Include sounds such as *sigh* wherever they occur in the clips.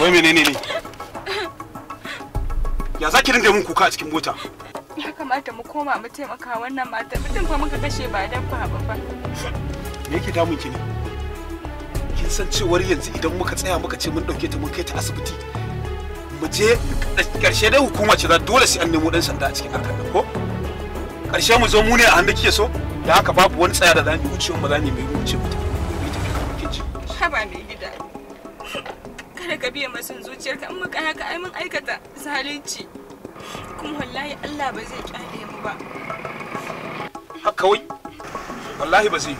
Wai menene ne? Ya za ki dinga mun kuka a cikin mota? Ya kamata mu koma mu taimaka wannan mata mutum fa muka kashe ba dan fa ba. Me yake damun ki ne? Kin san cewar yanzu idan muka tsaya muka ce mun dauke ta mun kai ta asibiti. Mu je karshe dai hukuma ce za dole sai an nemo dan sanda a cikin harkar ko? Karshe mu zo mu ne a hannu kike so? Da haka babu wani tsaya da za mu wucewa mu za mu yi wuce mutum. haba mai gida kada ka biya masun zuciyarka in muka haka ai mun aikata zalunci kuma wallahi Allah ba zai kyale mu ba haka wai wallahi ba zai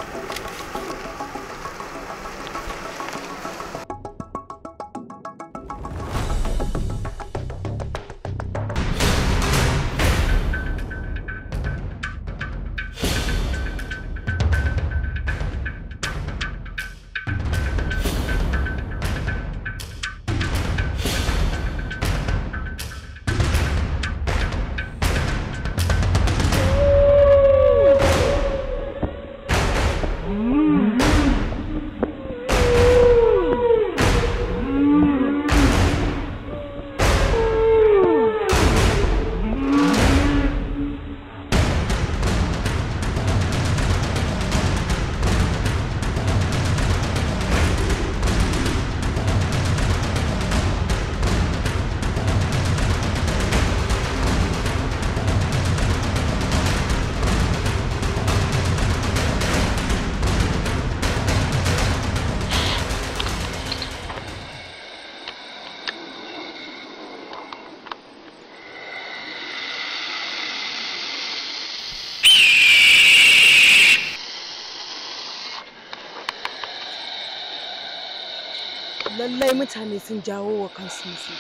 lallai mutane sun jawo wa kansu musu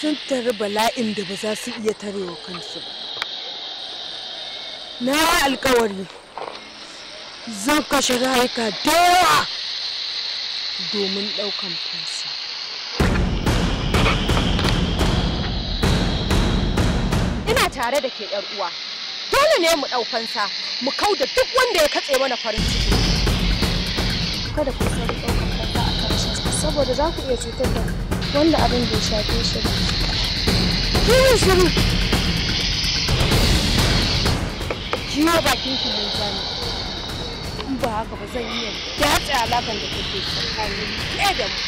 sun tari bala'in da ba za su iya tarewa kansu ba na yi alkawari zan kashe rayuka da yawa domin ɗaukan fansa ina tare da ke uwa dole ne mu ɗaukansa mu kau da duk wanda ya katse mana farin ciki kada ku sa ɗaukar kanka a kan shi saboda za ku iya cutar da wanda abin bai shafe shi ba. Kiwon shiru! Jiyo bakin ki mai zani. In ba haka ba zan iya datse alaƙar da kake tsakanin ke da mu.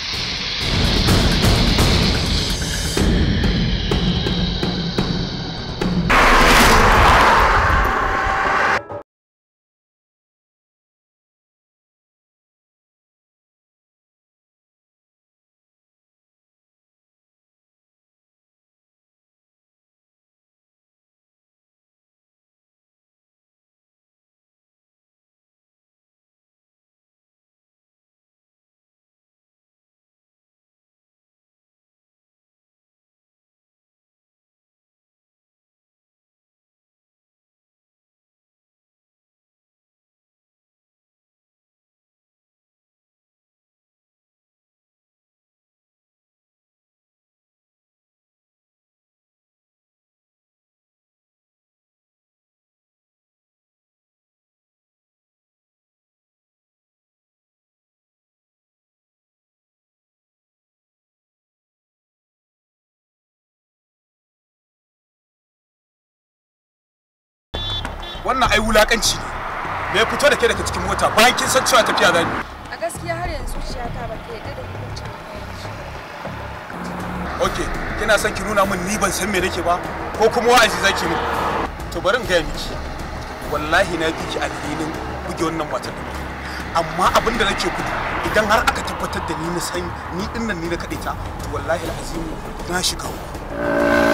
wannan ai wulakanci ne me fito da ke daga cikin mota bayan kin san cewa tafiya ni. a gaskiya har yanzu ta ba ta yadda da hukuncin ok kina son ki nuna min ni ban san me nake ba ko kuma wa'azi zaki mu to bari in gaya miki wallahi na bi ki alhinin buge wannan matar da amma abin da nake gudu idan har aka tabbatar da ni na san ni dinnan ni na kaɗaita to wallahi al'azimu na shiga uku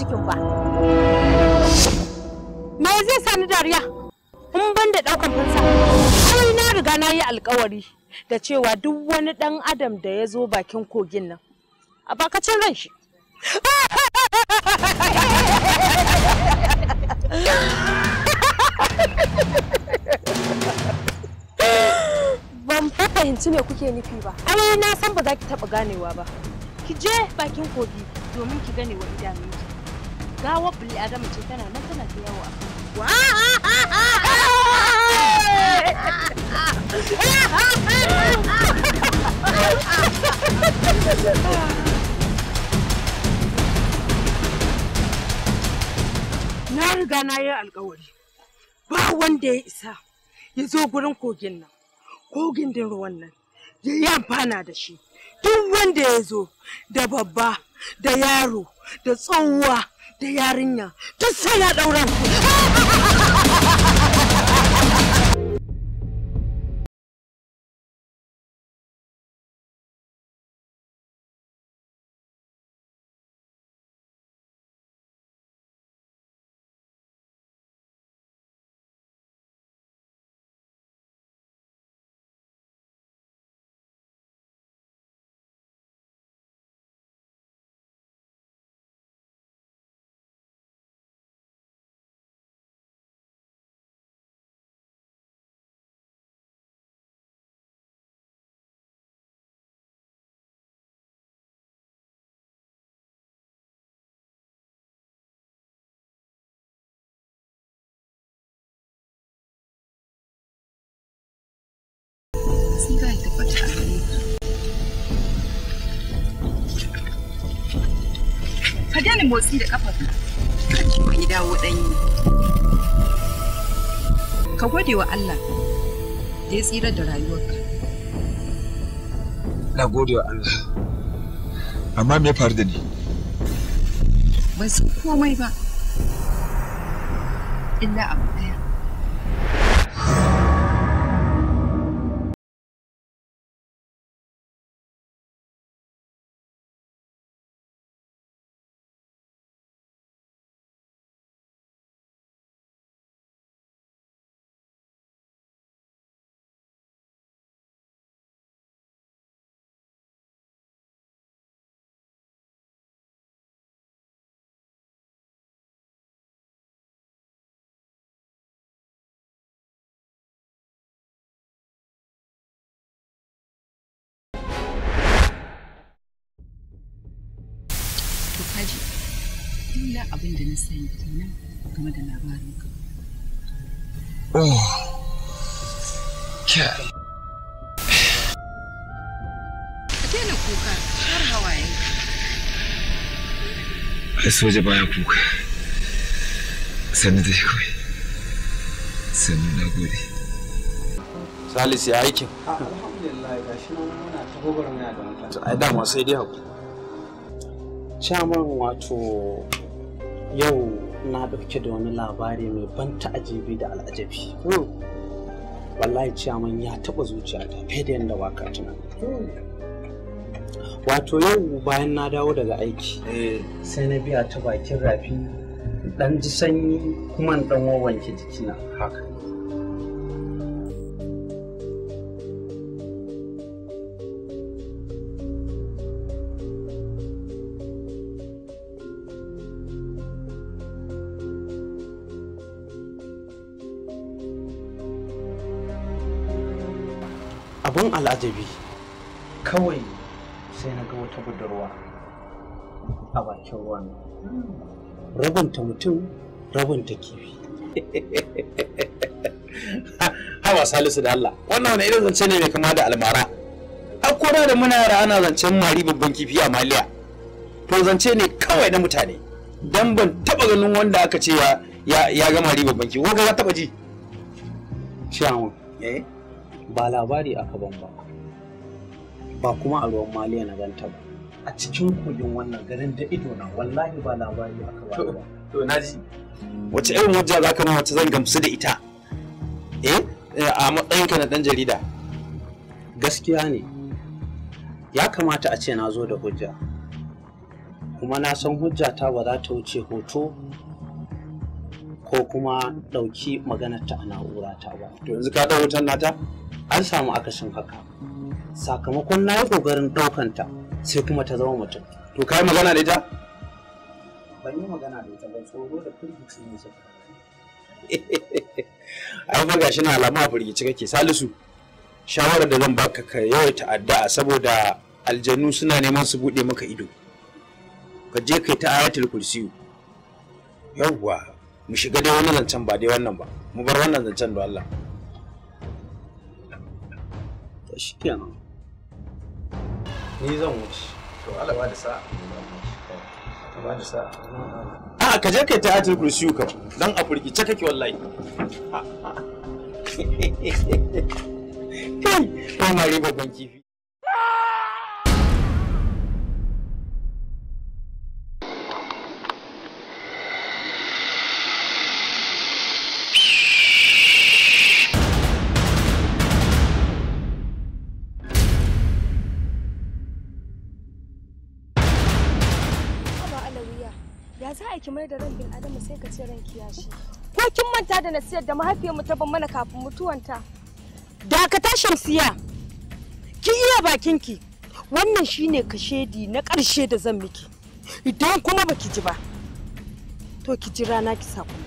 cikin ba. Me zai sani dariya? In ban da ɗaukan fansa. Kawai na riga na yi alkawari da cewa duk wani ɗan adam da ya zo bakin kogin nan. A bakacin ran shi. Ban fahimci me kuke nufi ba. Ai na san ba za ki taɓa ganewa ba. Ki je bakin kogi domin ki gane wa idanunki. gawar bulli adamu ce tana nan tana ta yawa. Na riga na yi alkawari ba wanda ya isa ya zo gurin kogin nan kogin da ruwan nan ya yi amfana da shi duk wanda ya zo da babba da yaro da tsohuwa da yarinya ta sai na ɗauran ku *laughs* ka motsi da kafar ka ki ka gode wa Allah da ya tsira da rayuwarka na gode wa Allah amma me faru da ni ban ba illa abu iya abin kuka har hawaye. soja baya kuka. Sannu da shi kawai. Sannu na Salisu ya aikin. Ah, alhamdulillah ga shi nan muna ta gobar da mutane. Ai dama sai dai Chairman wato yau na ɗauke da wani labari mai ban ta'ajibi da al'ajabi hmm. wallahi ciyaman ya taɓa zuciya ta fiye da yadda waka tunani wato yau bayan na dawo daga aiki eh. sai na biya ta bakin rafi dan ji sanyi kuma dan wawanke jikina haka babban al'ajabi kawai sai na ga wata budurwa a bakin ruwan rabanta mutum rabanta kifi *laughs* hawa salisu da Allah wannan wani irin zance ne mai kama da almara akwai da muna yara ana zancen mari babban kifi a maliya to zance ne kawai na mutane dan ban taba ganin wanda aka ce ya ya ga mari babban kifi ko ka taba ji shi eh ba labari aka ban ba ba kuma a ruwan maliya na ganta ba a cikin kogin wannan garin da ido na wallahi ba labari aka ba to na ji wace irin hujja za ka mata zan gamsu da ita eh, eh a matsayinka na dan jarida gaskiya ne ya kamata a ce na zo da hujja kuma na san hujjata ba za ta wuce hoto ko kuma ɗauki maganarta ta a na'ura ta ba to yanzu ka ɗau wutar nata an samu akasin haka sakamakon na yi ƙoƙarin ɗaukanta sai kuma ta zama mutum to ka yi magana da ita ban yi magana da ita ba tsoro da firgici ne suka *laughs* ai fa gashi na alama firgici kake salisu shawarar da zan baka ka yawaita addu'a saboda aljannu suna neman su bude maka ido ka je kai ta ayatul kursiyu yawwa mu shiga dai wani zancen ba dai wannan ba mu bar wannan zancen da Allah to kenan ni zan wuce to Allah ba da sa'a ba da sa'a a ka je kai ta atul kursi ka dan a ce kake wallahi *laughs* kai ba babban kifi ki mai da ran bil adam sai ka ce ran shi ko kin manta da nasiyar da mahaifiyar mu ta ban mana kafin mutuwanta ta shamsiya ki iya bakin ki, wannan shine kashedi na ƙarshe da zan miki idan kuma baki ji ba to ki ji rana ki sako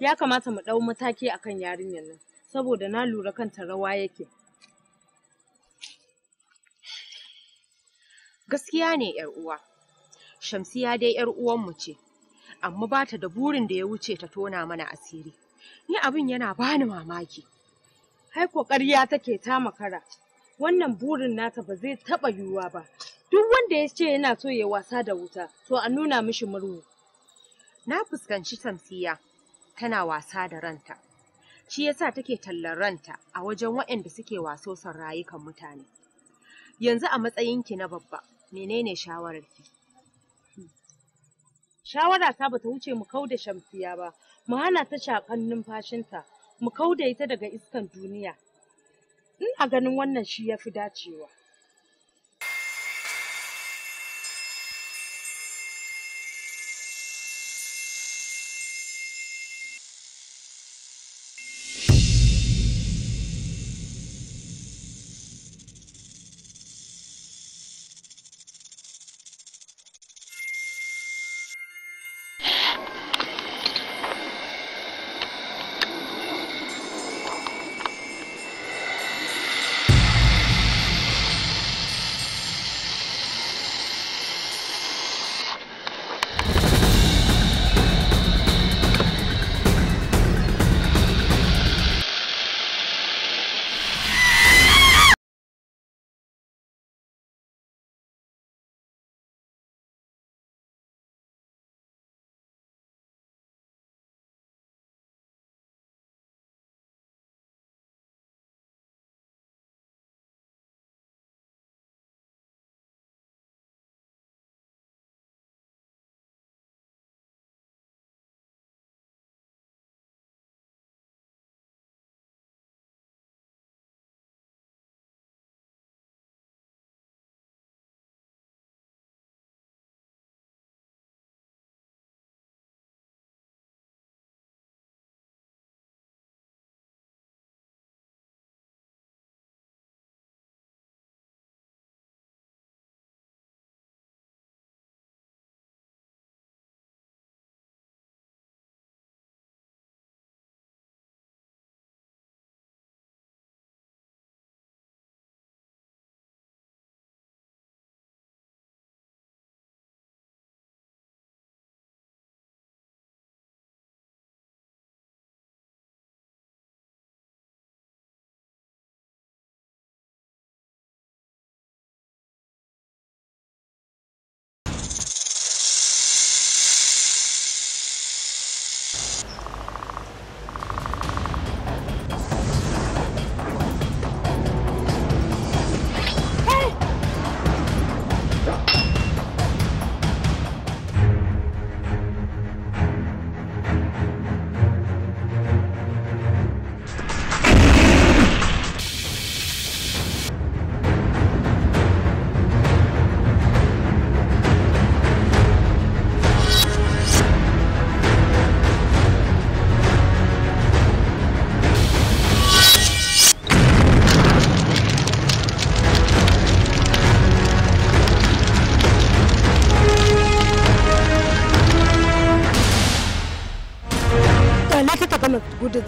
ya kamata mu ɗau mataki kan yarinyar nan saboda na lura kanta rawa yake gaskiya ne yar uwa shamsiya dai yar uwanmu ce amma ba ta da burin da ya wuce ta tona mana asiri ni abin yana bani mamaki hai ƙarya take ta makara wannan burin nata ba zai taɓa yiwuwa ba duk wanda ya ce yana so ya wasa da wuta to a nuna mishi murhu na fuskanci tamsiya. tana wasa da ranta. Shi yasa take tallar ranta a wajen waɗanda suke waso son rayukan mutane. Yanzu a matsayinki na babba, menene shawararki? Shawara ta bata wuce mu kauda shamfiya ba, mu hana ta shakan numfashinta, mu kauda ita daga iskan duniya. Ina ganin wannan shi ya fi dacewa.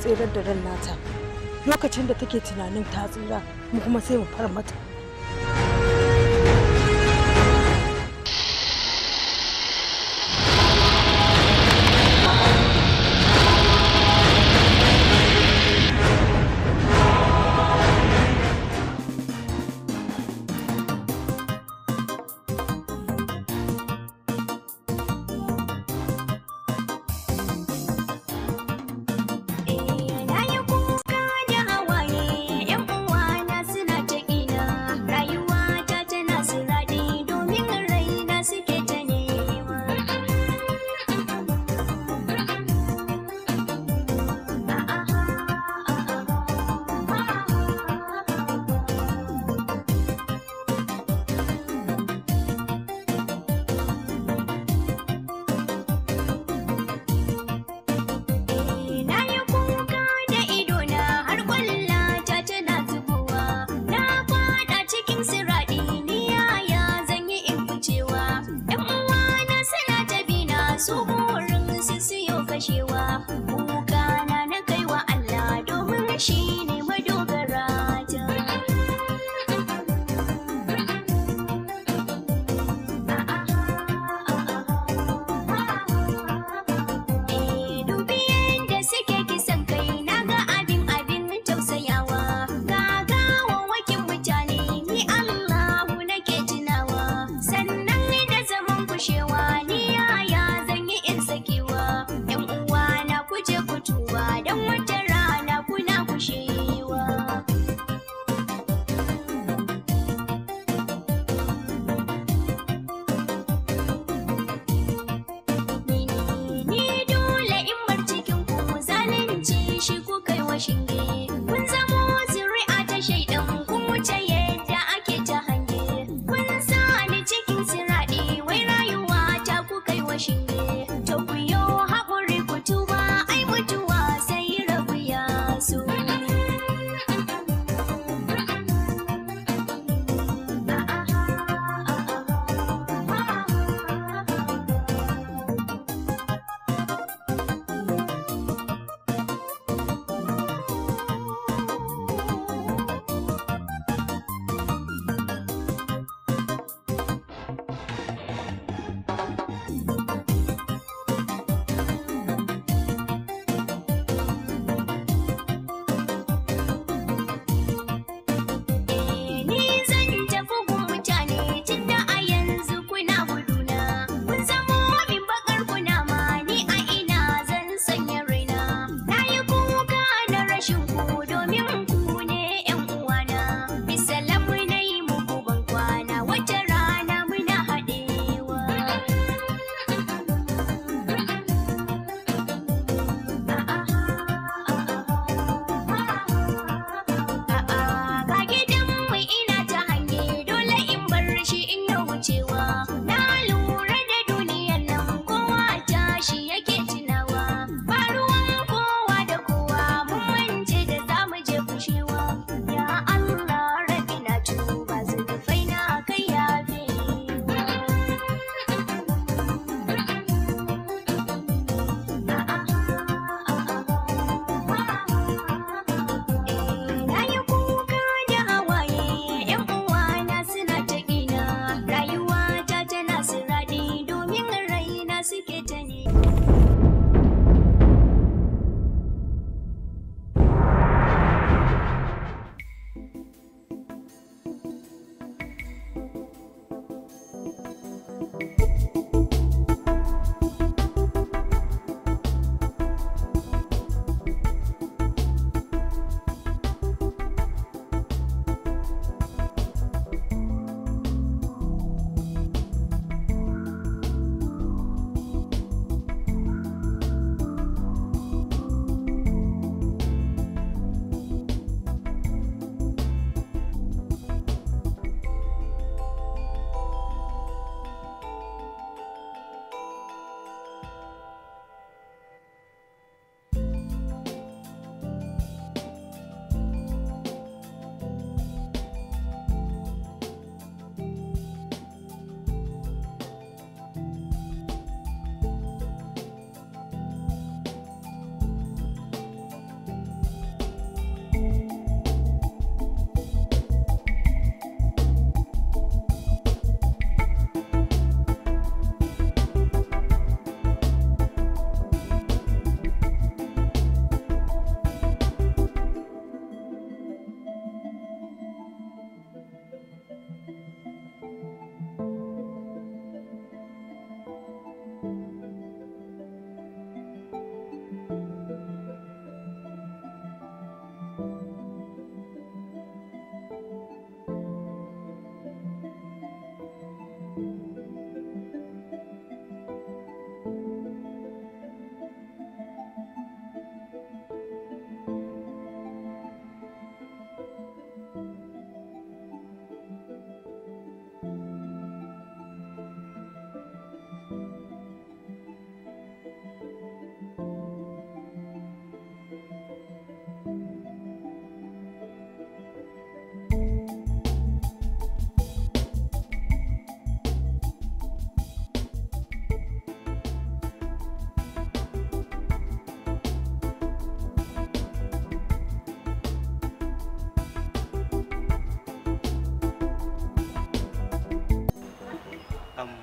tserar da ran nata lokacin da take tunanin ta tsira mu kuma sai mu fara mata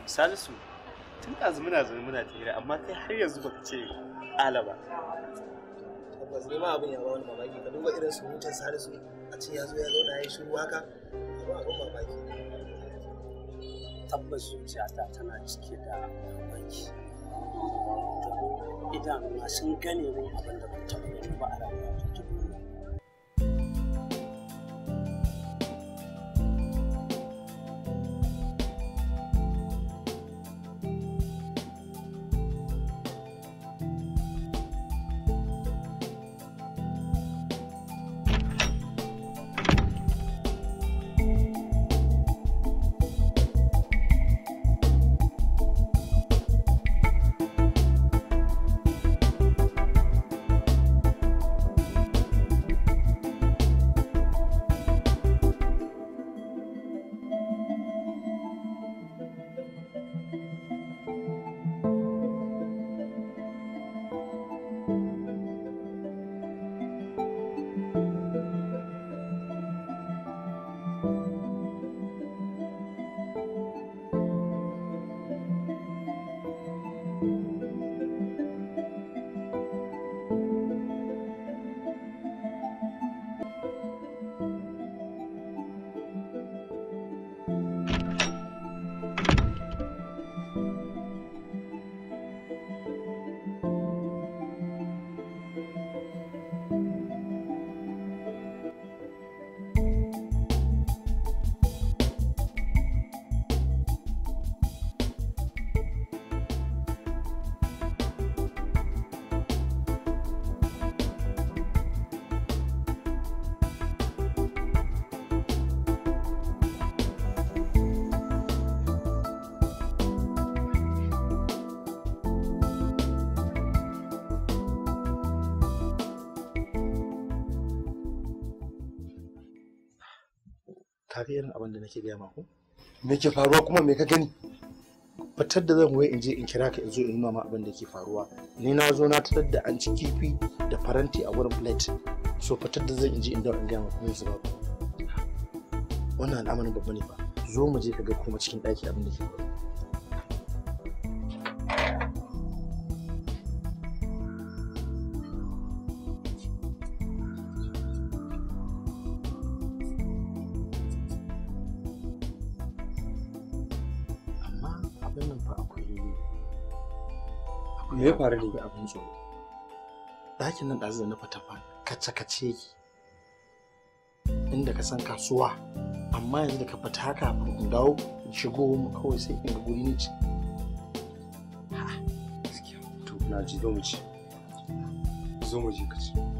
salisu tun ɗazu muna zaune muna hira amma kai har yanzu baka ce ala ba tabbas ne ma abin ya ba wani mamaki ka duba irin surutun salisu a ce ya zo ya zauna ya yi shiru haka ba abin mamaki tabbas zuciyata tana cike da mamaki idanuna sun gane min abin da ban taɓa gani ba a rayuwa ka irin abin da nake gaya maku me ke faruwa kuma me ka gani fitar da zan wai in je in kira ka in zo in nuna ma abin da ke faruwa ni na zo na tarar da an ci kifi da faranti a wurin plate so fitar da zan in je in dawo in gaya maku me zuba wannan al'amarin babba ne ba zo mu je ka ga kuma cikin ɗaki abin da ke faruwa me ya faru ne abin so dakin nan ɗazu da na fata fa kace kace ki inda ka san kasuwa amma yanzu da ka fita haka kafin in dawo in shigo mu kawai sai in ga guri ne ci to na ji zo mu ci zo mu je ka ci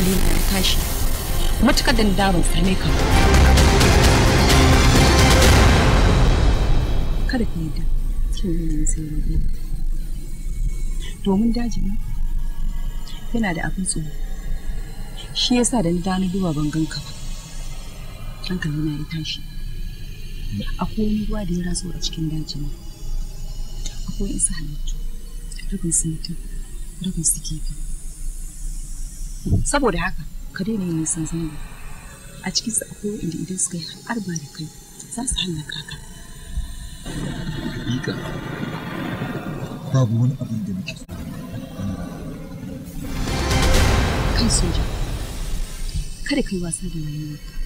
hankali na ya tashi matuƙar da na ban ka kada ka yarda cikin yanayin sauri domin daji ne yana da abin tsoro shi yasa da na dana duba ban ganka ba hankali na ya tashi akwai wani ruwa da ya raso a cikin daji ne akwai isa halittu rabin sintin rabin su kifi saboda haka ka daina yin nisan zango a cikin su akwai inda idan suka yi ba da kai za su hallaka ka hakika babu wani abin da nake kai soja kada ka yi wasa da rayuwarka